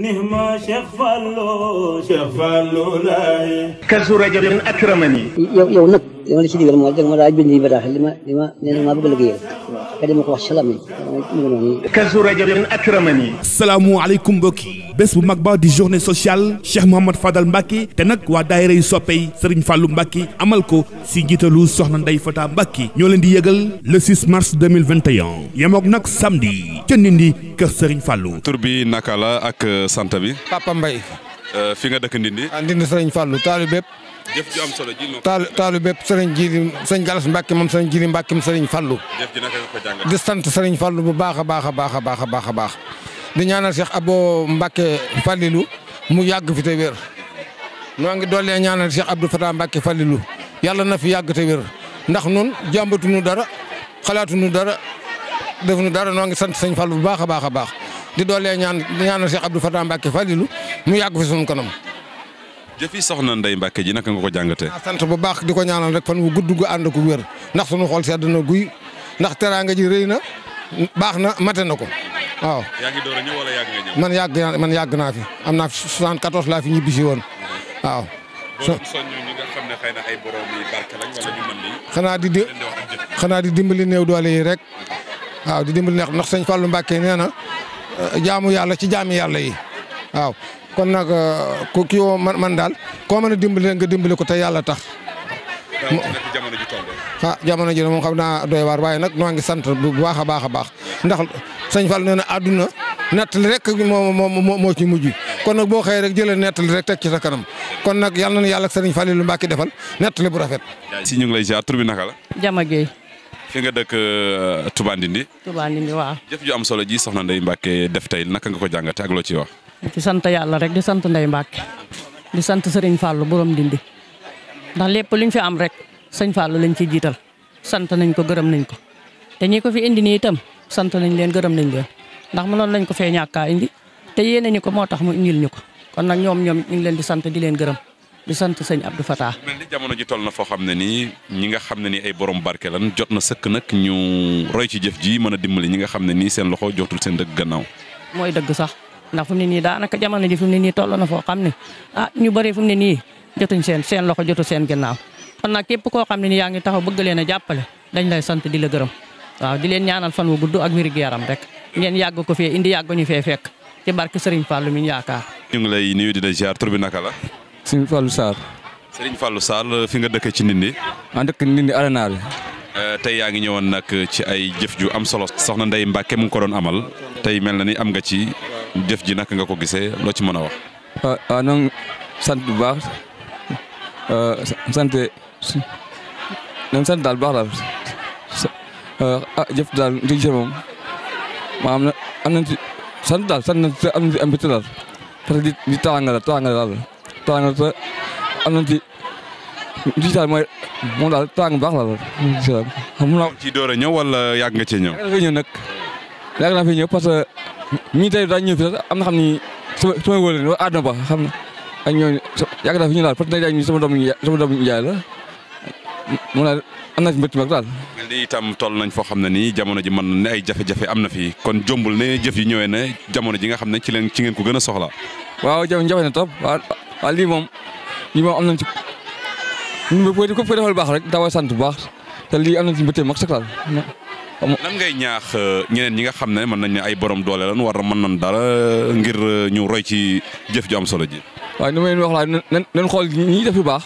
nihma Cheikh Fallou Cheikh Fallou laay. kasu rajabin akramani. yow yow nag li ma la ci digal mooy danga ma daa bind bataaxal li ma li ma nee na maa bëgg a liggéeyal. nga dama ko wax salaamu aleykum mbokki bés bu mag ba di journée sociale Cheikh Mouhamad Fadal Mbacke te nag waa daayira yu soppey Serigne Fallou Mbacke amal ko si njiitalu soxna Ndeye Fata Mbacke ñoo leen di yëgal le 6 mars 2021 yemook nag samedi ca Ndindi kër Serigne Fallou tur bi naka la ak euh, sant bi Papa Mbaye euh, fi nga dëkk Ndindi ah, Ndindi Serigne Fallou taalibe jëf am solo ji taalu taalu bépp sëriñ Jili sëñ Galas Mbacke moom sëriñ Jili Mbacke moom sëriñ Fallou. jëf di sant sëriñ Fallou bu baax a baax a baax a baax a baax a baax di ñaanal Cheikh Abo Mbacke Fallilou mu yàgg fi te wér. noo ngi doolee ñaanal Cheikh Abdou Fatah Mbacke Fallilou yàlla na fi yàgg te wér ndax nun jàmbatuñu dara nu dara defuñu dara noo ngi sant sëñ Fallou bu baax a baax a baax di doolee ñaan ñaanal Cheikh Abdou Fatah Mbacke Fallilou mu yàgg fi sunu kanam jëfi soxna Ndeye Mbacke ji naka nga ko jàngatee. sant bu baax di ko ñaanal rek fan wu gudd gu ànd ko wér ndax sunu xol sedd na guy ndax teraanga ji rëy na baax na mate na ko waaw. yàgg nga ñëw. man yàgg naa man fi am naa fi 74 laa fi ñibbi si woon waaw. ñi nga xam xanaa di xanaa di dimbali néew doole yi rek waaw di dimbali neex ndax sëñ Fallou Mbacke nee na jaamu yàlla ci jaami yàlla yi waaw kon nag euh, ku kii woo man man daal koo mën a dimbali nga dimbali ko te yàlla tax. jamono ji tombé. Ah, jamono ji moom xam naa doy waar waaye nag noo ngi sant bu baax a baax a baax ndax sëñ Fall nee na àdduna nettali rek moo moo moo ci mujj kon nag boo xëyee rek jëlee nettali rek teg ci sa kanam kon nag yal na yàlla ak sëriñ lu Mbàkke defal nettali bu rafet. si ñu ngi lay ziar tur bi naka la. Jama Gueye. fi nga dëkk euh, Touba Ndindi. Touba Ndindi waaw. jëf ju am solo ji soxna Ndeye Mbacke def tey naka nga ko jàngate ak loo di sant yàlla rek di sant Ndeye Mbacke di sant Serigne Fallou borom dindi ndax lépp luñ fi am rek sëñ Fallou lañ ciy jiital sant nañ ko gërëm nañ ko te ñi ko fi indi nii itam sant nañ leen gërëm nañ leen ndax mënoon nañ ko fee ñàkkaa indi te yenee ñu ko moo tax mu indil ñu ko kon nag ñoom ñoom ñu ngi leen di sant di leen gërëm di sant sëñ Abdou Fatah. mel jamono ji toll na foo xam ne nii ñi nga xam ne nii ay borom barke lan jot na sëkk nag ñu roy ci jëf ji mën a dimbali ñi nga xam ne nii seen loxo jotul seen dëgg gannaaw. ndax fu ne nii daanaka jamono ji fu mu ne nii toll na foo xam ne ah ñu bëree fu mu ne nii jotuñ seen seen loxo jotu seen ginnaaw kon nag képp koo xam ne ni yaa ngi taxaw bëgg leen a jàppale dañ lay sant di la gërëm waaw di leen ñaanal fan wu gudd ak wér yaram rek ngeen yàgg ko fee indi yàgg ñu fee fekk ci barke Serigne Fallou mi ñu yaakaar. ñu ngi lay nuyu di la ziar tur bi naka la. Serigne Fallou Sarr. Serigne Fallou Sarr fi nga dëkk ci Ndindi. maa dëkk Ndindi Aréna bi. Eh, yaa ngi ñëwoon nag ci ay jëf ju am solo. soxna Ndeye Mbacke mu ngi ko doon amal tey mel na ni am nga ci jëf ji naka nga ko gisee loo ci mën a wax. ah, ah non sant bu baax ah, sant nañ sant daal baax laal ah, ah jëf daal li ci moom maanaam na am nañ ci sant daal sant nañ ci am nañ ci am di tànga la daal tànga te am nañ ci li ci daal mooy moom daal tàng baax la ci door ñëw wala yàgg nga cee ñëw. yàgg nga fi ñëw ñëw parce ñi tey daañu ñëw fi sax am na xam ni sama sama wóor leen àdduna ba xam na ak ñooñu yàgg naa fi ñu laal parce que daañu sama doomu sama doomu njaay la moom laa am naa ci mbégte mag daal. mel ni itam toll nañ foo xam ne nii jamono ji mën ne ay jafe am na fi kon jombul ne jëf yi ñëwee ne jamono ji nga xam ne ci leen ci ngeen ko gën a soxla. waaw jafe jafe na trop lii moom lii moom am na ci ñun bu ko defal baax rek daaw a sant bu baax te lii am nañ ci mbégte mag sax lan ngay ñaax euh, ñeneen ñi nga xam ne mën nañ ne ay borom doole lan war mën nañ dara euh, ngir euh, ñu roy ci jëf ju am solo ji. waaw ni ma leen wax laa nan xool ñi def yu baax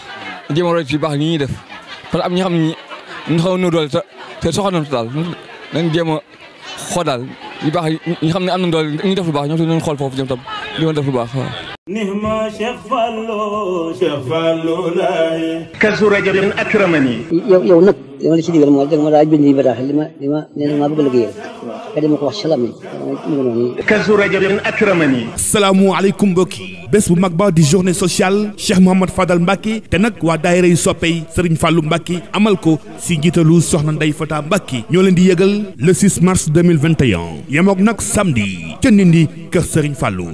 jéem a roy ci baax ñi ñuy def parce que am ñi xam ne ñu xaw a doole te te soxla nañ daal nañ jéem a xool daal yu baax ñi xam ne am na doole ñu def lu baax ñoom nañ xool foofu jëm tam li ma def lu baax waaw. نهما شيخ فالو شيخ فالو لاي كسر رجب li ma la bés bu mag ba di journée sociale Cheikh Mouhamad Fadal Mbacke te nag waa daayira yu soppey Serigne Fallou Mbacke amal ko si njiitalu soxna Ndeye Fata Mbacke ñoo leen di yëgal le 6 mars 2021 yemook nag samedi ca Ndindi kër Serigne Fallou